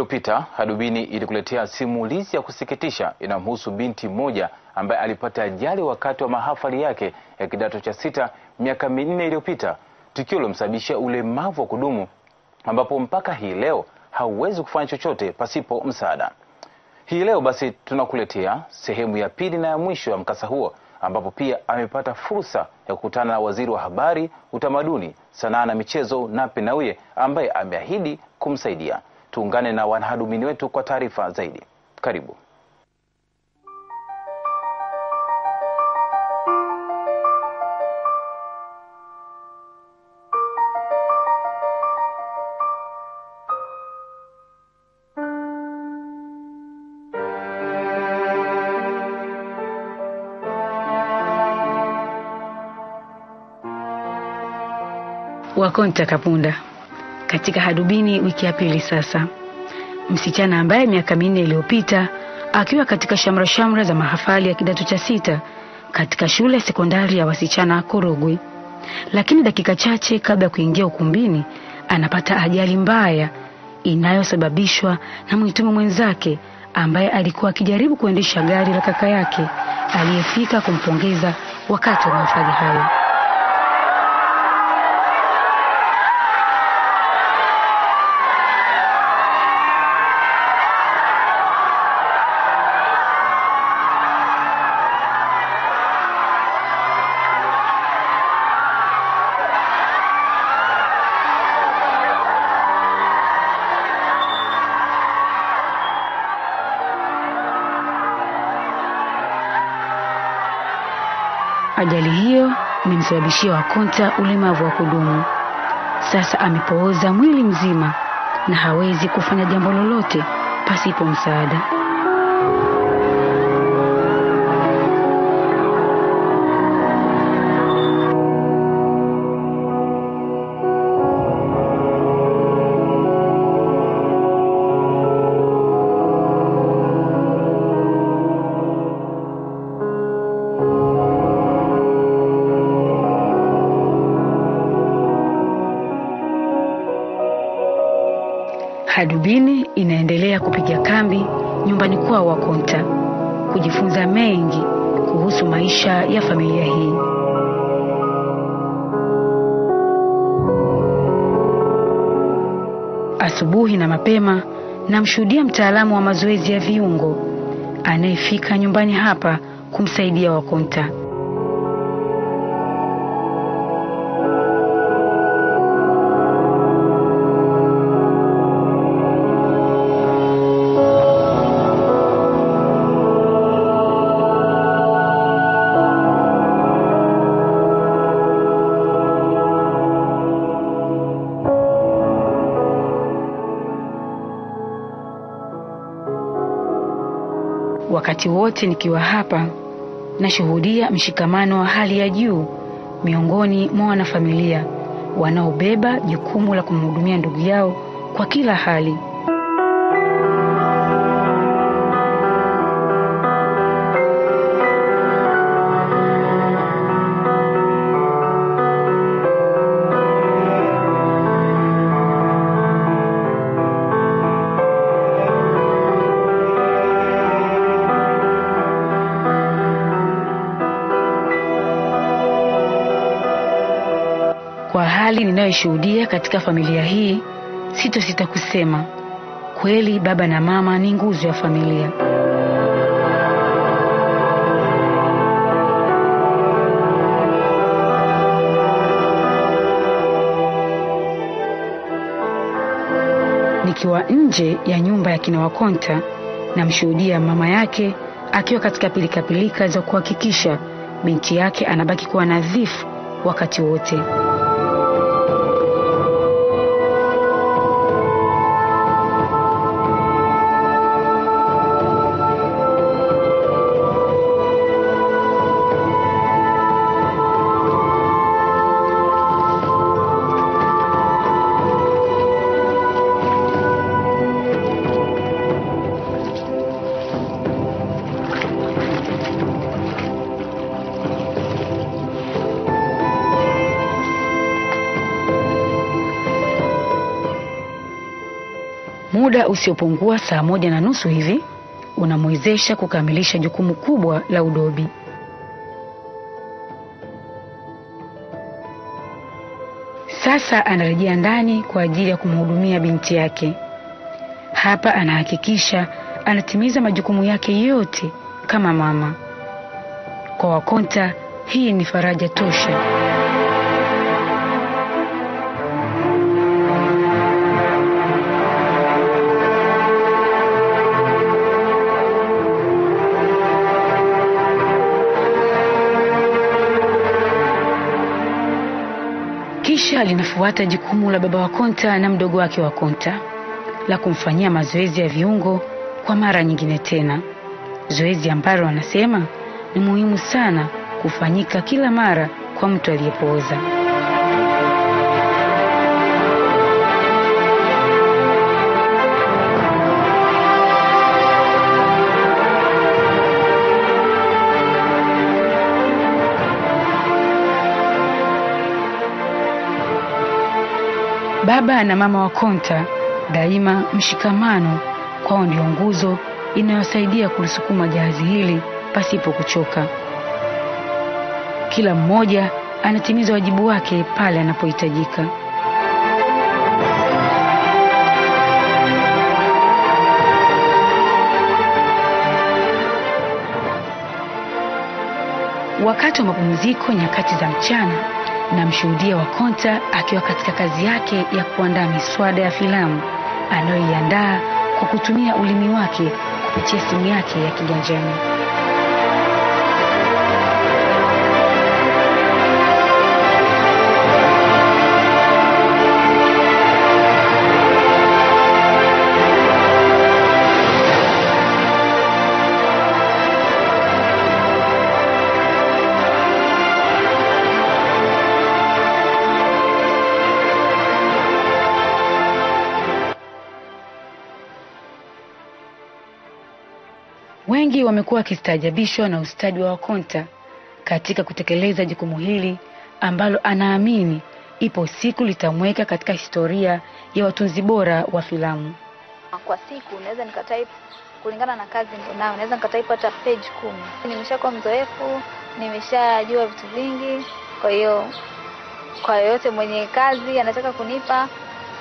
iliyopita Hadubini ilikuletea simulizi ya kusikitisha inamhusu binti mmoja ambaye alipata ajali wakati wa mahafali yake ya kidato cha sita miaka minne iliyopita, tukio lilomsababishia ulemavu wa kudumu ambapo mpaka hii leo hauwezi kufanya chochote pasipo msaada. Hii leo basi tunakuletea sehemu ya pili na ya mwisho ya mkasa huo ambapo pia amepata fursa ya kukutana na waziri wa habari, utamaduni, sanaa na michezo, Nape Nnauye ambaye ameahidi kumsaidia. Tuungane na wanahadumini wetu kwa taarifa zaidi. Karibu. Wakonta Kapunda katika hadubini wiki ya pili sasa. Msichana ambaye miaka minne iliyopita akiwa katika shamra shamra za mahafali ya kidato cha sita katika shule ya sekondari ya wasichana Korogwe, lakini dakika chache kabla ya kuingia ukumbini anapata ajali mbaya inayosababishwa na mwitume mwenzake ambaye alikuwa akijaribu kuendesha gari la kaka yake aliyefika kumpongeza wakati wa mahafali hayo. Ajali hiyo imemsababishia Wakonta ulemavu wa kudumu. Sasa amepooza mwili mzima na hawezi kufanya jambo lolote pasipo msaada. nyumbani kwao Wakonta kujifunza mengi kuhusu maisha ya familia hii. Asubuhi na mapema namshuhudia mtaalamu wa mazoezi ya viungo anayefika nyumbani hapa kumsaidia Wakonta. Wakati wote nikiwa hapa nashuhudia mshikamano wa hali ya juu miongoni mwa wanafamilia wanaobeba jukumu la kumhudumia ndugu yao kwa kila hali. hali ninayoshuhudia katika familia hii, sitosita kusema kweli, baba na mama ni nguzo ya familia. Nikiwa nje ya nyumba ya kina Wakonta namshuhudia mama yake akiwa katika pilikapilika za kuhakikisha binti yake anabaki kuwa nadhifu wakati wote. muda usiopungua saa moja na nusu hivi unamwezesha kukamilisha jukumu kubwa la udobi. Sasa anarejea ndani kwa ajili ya kumhudumia binti yake. Hapa anahakikisha anatimiza majukumu yake yote kama mama. Kwa Wakonta hii ni faraja tosha. Kisha linafuata jukumu la baba wa Konta na mdogo wake wa Konta la kumfanyia mazoezi ya viungo kwa mara nyingine tena, zoezi ambalo wanasema ni muhimu sana kufanyika kila mara kwa mtu aliyepooza. Baba na mama wa Konta daima, mshikamano kwao ndio nguzo inayosaidia kulisukuma jahazi hili pasipo kuchoka. Kila mmoja anatimiza wajibu wake pale anapohitajika. Wakati wa mapumziko nyakati za mchana namshuhudia Wakonta akiwa katika kazi yake ya kuandaa miswada ya filamu anayoiandaa kwa kutumia ulimi wake kupitia simu yake ya kiganjani. Wengi wamekuwa wakistaajabishwa na ustadi wa Wakonta katika kutekeleza jukumu hili ambalo anaamini ipo siku litamweka katika historia ya watunzi bora wa filamu. Kwa siku naweza nikatype kulingana na kazi nayo, naweza nikatype hata page kumi. Nimeshakuwa mzoefu, nimeshajua vitu vingi, kwa hiyo kwa yoyote mwenye kazi anataka kunipa,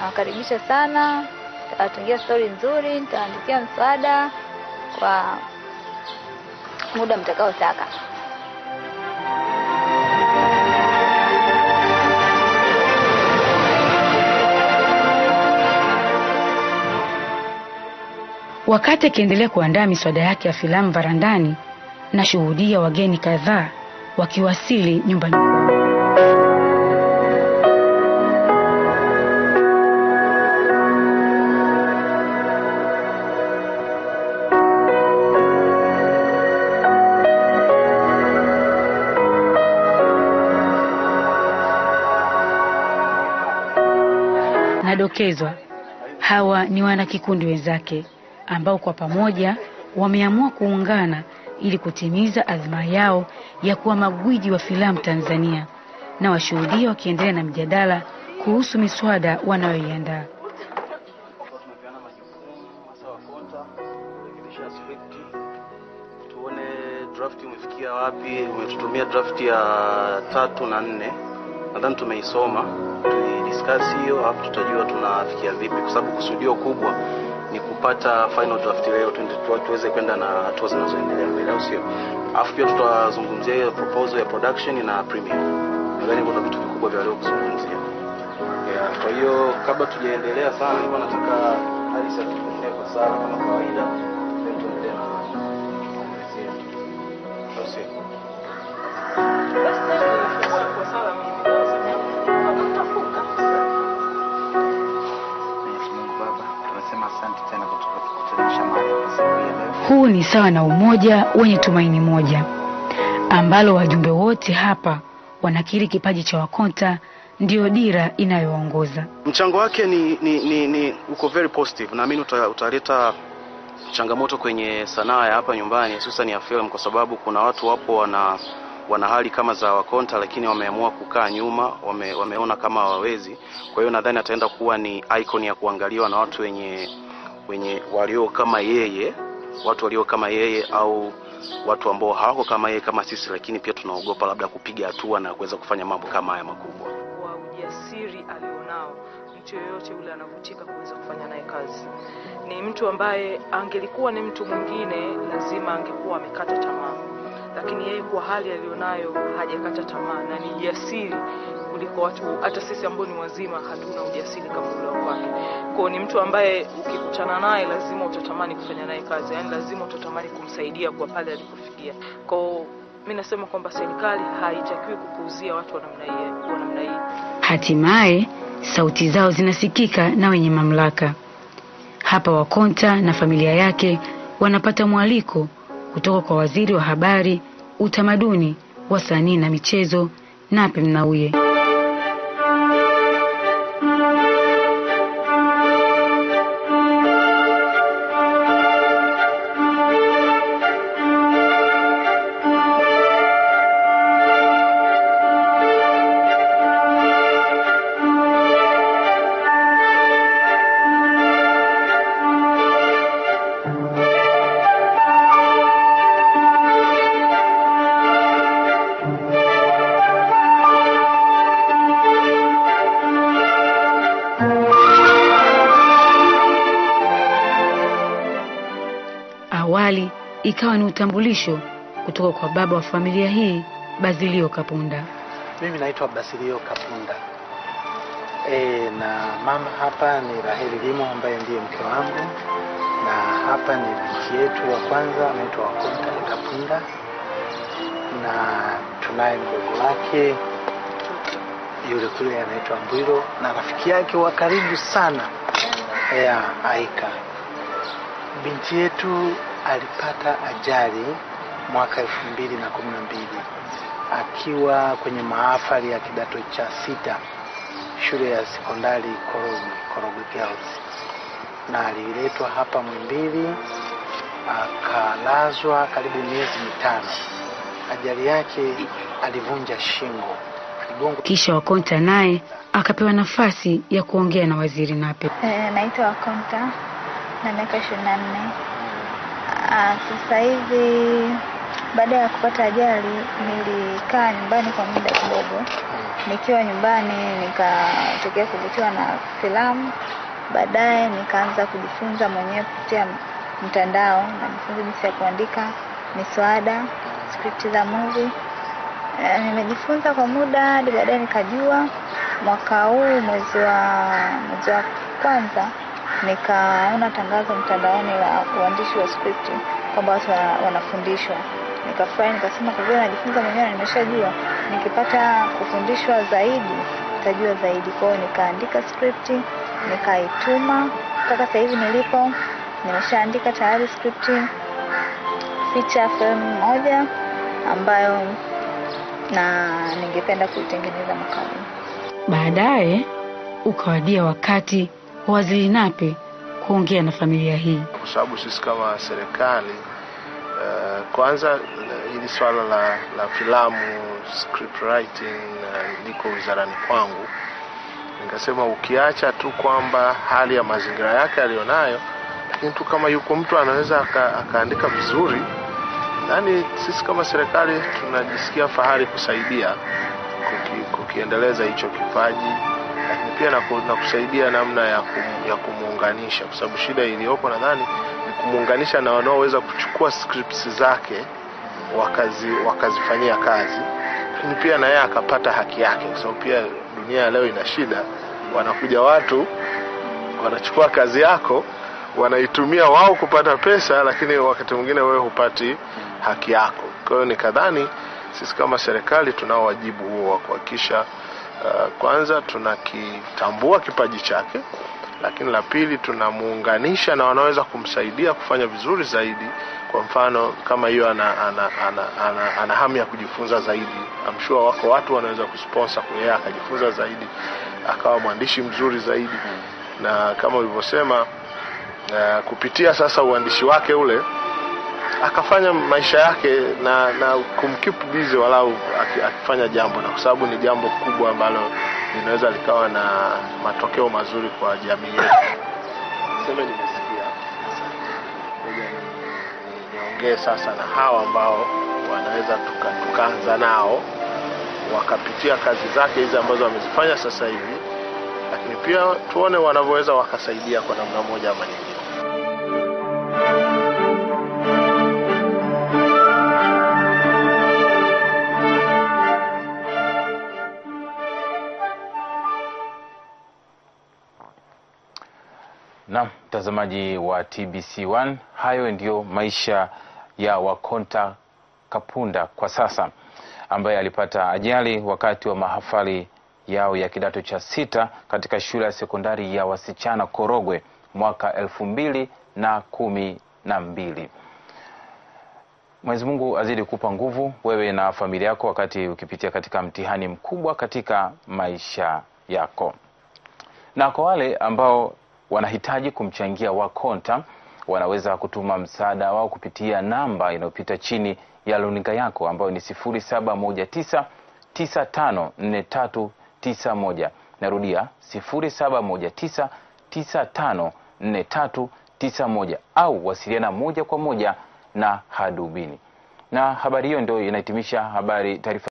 nawakaribisha sana. Nitawatungia stori nzuri, nitaandikia msaada kwa muda mtakaotaka. Wakati akiendelea kuandaa miswada yake ya filamu varandani, nashuhudia wageni kadhaa wakiwasili nyumbani. kudokezwa, hawa ni wanakikundi wenzake ambao kwa pamoja wameamua kuungana ili kutimiza azma yao ya kuwa magwiji wa filamu Tanzania, na washuhudia wakiendelea na mjadala kuhusu miswada wanayoiandaa. Tuone draft umefikia wapi. Umetutumia draft ya tatu na nne, nadhani tumeisoma discuss hiyo hapo, tutajua tunafikia vipi, kwa sababu kusudio kubwa ni kupata final draft leo tuweze kwenda na hatua zinazoendelea mbele, au sio? Alafu pia tutazungumzia hiyo proposal ya production na premiere Nadhani kuna vitu vikubwa vya leo kuzungumzia. Yeah, kwa hiyo kabla tujaendelea sana, nilikuwa nataka Alisa tuendelee kwa sana kama kawaida. Tuendelee na au sio? Huu ni sawa na umoja wenye tumaini moja ambalo wajumbe wote hapa wanakiri kipaji cha Wakonta ndiyo dira inayoongoza. Mchango wake ni, ni, ni, ni uko very positive. Naamini utaleta changamoto kwenye sanaa ya hapa nyumbani hususan ya film, kwa sababu kuna watu wapo wana wana hali kama za Wakonta lakini wameamua kukaa nyuma, wame, wameona kama hawawezi. Kwa hiyo nadhani ataenda kuwa ni icon ya kuangaliwa na watu wenye wenye walio kama yeye, watu walio kama yeye au watu ambao hawako kama yeye kama sisi, lakini pia tunaogopa labda kupiga hatua na kuweza kufanya mambo kama haya makubwa. Kwa ujasiri alionao, mtu yoyote yule anavutika kuweza kufanya naye kazi. Ni mtu ambaye angelikuwa ni mtu mwingine, lazima angekuwa amekata tamaa, lakini yeye kwa hali aliyonayo hajakata tamaa na ni jasiri kuliko watu hata sisi ambao ni wazima hatuna ujasiri kama ule wake. Kwao ni mtu ambaye ukikutana naye lazima utatamani kufanya naye kazi, yani lazima utatamani kumsaidia kwa pale alipofikia. Kwao mimi nasema kwamba serikali haitakiwi kupuuzia watu wa namna hii, wa namna hii. Hatimaye sauti zao zinasikika na wenye mamlaka. Hapa Wakonta na familia yake wanapata mwaliko kutoka kwa waziri wa habari, utamaduni, wasanii na michezo Nape Nnauye. ikawa ni utambulisho kutoka kwa baba wa familia hii Basilio Kapunda. Mimi naitwa Basilio Kapunda. E, na mama hapa ni Raheli Limo ambaye ndiye mke wangu, na hapa ni binti yetu wa kwanza anaitwa Wakonta Kapunda, na tunaye mdogo wake yule kule anaitwa Mbwiro na rafiki yake wa karibu sana ya Aika, binti yetu alipata ajali mwaka elfu mbili na kumi na mbili akiwa kwenye maafari ya kidato cha sita shule ya sekondari Korogwe, Korogwe Girls, na aliletwa hapa Mwimbili akalazwa karibu miezi mitano. Ajali yake alivunja shingo Gongo. Kisha Wakonta naye akapewa nafasi ya kuongea na waziri Nape. E, naitwa Wakonta na miaka ishirini na nne. Ah, sasa hivi baada ya kupata ajali nilikaa nyumbani kwa muda kidogo. Nikiwa nyumbani nikatokea kuvutiwa na filamu, baadaye nikaanza kujifunza mwenyewe kupitia mtandao. Najifunza jinsi ya kuandika miswada, skripti za movie. Eh, nimejifunza kwa muda hadi baadaye nikajua mwaka huu mwezi wa mwezi wa kwanza nikaona tangazo mtandaoni la uandishi wa script kwamba watu wanafundishwa nikafurahi, nikasema kwa vile najifunza mwenyewe na nimeshajua, nikipata kufundishwa zaidi nitajua zaidi. Kwa hiyo nikaandika script nikaituma, mpaka sasa hivi nilipo nimeshaandika tayari script feature film moja ambayo na ningependa kuitengeneza mwaka Baadaye ukawadia wakati Waziri Nape kuongea na familia hii, kwa sababu sisi kama serikali uh, kwanza hili swala la, la filamu script writing uh, liko wizarani kwangu. Nikasema ukiacha tu kwamba hali ya mazingira yake aliyonayo, lakini tu kama yuko mtu anaweza aka, akaandika vizuri, yaani sisi kama serikali tunajisikia fahari kusaidia kuki, kukiendeleza hicho kipaji pia na, ku, na kusaidia namna ya, kum, ya kumuunganisha, kwa sababu shida iliyopo nadhani ni kumuunganisha na wanaoweza kuchukua scripts zake wakazi wakazifanyia kazi, lakini pia na yeye akapata haki yake, kwa sababu pia dunia leo ina shida, wanakuja watu wanachukua kazi yako wanaitumia wao kupata pesa, lakini wakati mwingine wewe hupati haki yako. Kwa hiyo nikadhani sisi kama serikali tunao wajibu huo wa kuhakikisha Uh, kwanza tunakitambua kipaji chake, lakini la pili tunamuunganisha na wanaweza kumsaidia kufanya vizuri zaidi. Kwa mfano kama hiyo ana, ana, ana, ana, ana hamu ya kujifunza zaidi, amshua wako watu wanaweza kusponsa kuyeye akajifunza zaidi akawa mwandishi mzuri zaidi, hmm. na kama ulivyosema uh, kupitia sasa uandishi wake ule akafanya maisha yake na, na kumkipu busy walau akifanya jambo, na kwa sababu ni jambo kubwa ambalo linaweza likawa na matokeo mazuri kwa jamii yetu. Sema nimesikia niongee sasa na hawa ambao wanaweza tukaanza nao wakapitia kazi zake hizi ambazo wamezifanya sasa hivi, lakini pia tuone wanavyoweza wakasaidia kwa namna moja ama nyingine. Mtazamaji wa TBC1, hayo ndiyo maisha ya Wakonta Kapunda kwa sasa, ambaye alipata ajali wakati wa mahafali yao ya kidato cha sita katika shule ya sekondari ya wasichana Korogwe mwaka elfu mbili na kumi na mbili. Mwenyezi Mungu azidi kupa nguvu wewe na familia yako wakati ukipitia katika mtihani mkubwa katika maisha yako. Na kwa wale ambao wanahitaji kumchangia Wakonta wanaweza kutuma msaada wao kupitia namba inayopita chini ya luninga yako ambayo ni 0719954391. Narudia 0719954391, au wasiliana moja kwa moja na hadubini. Na habari hiyo ndio inahitimisha habari taarifa.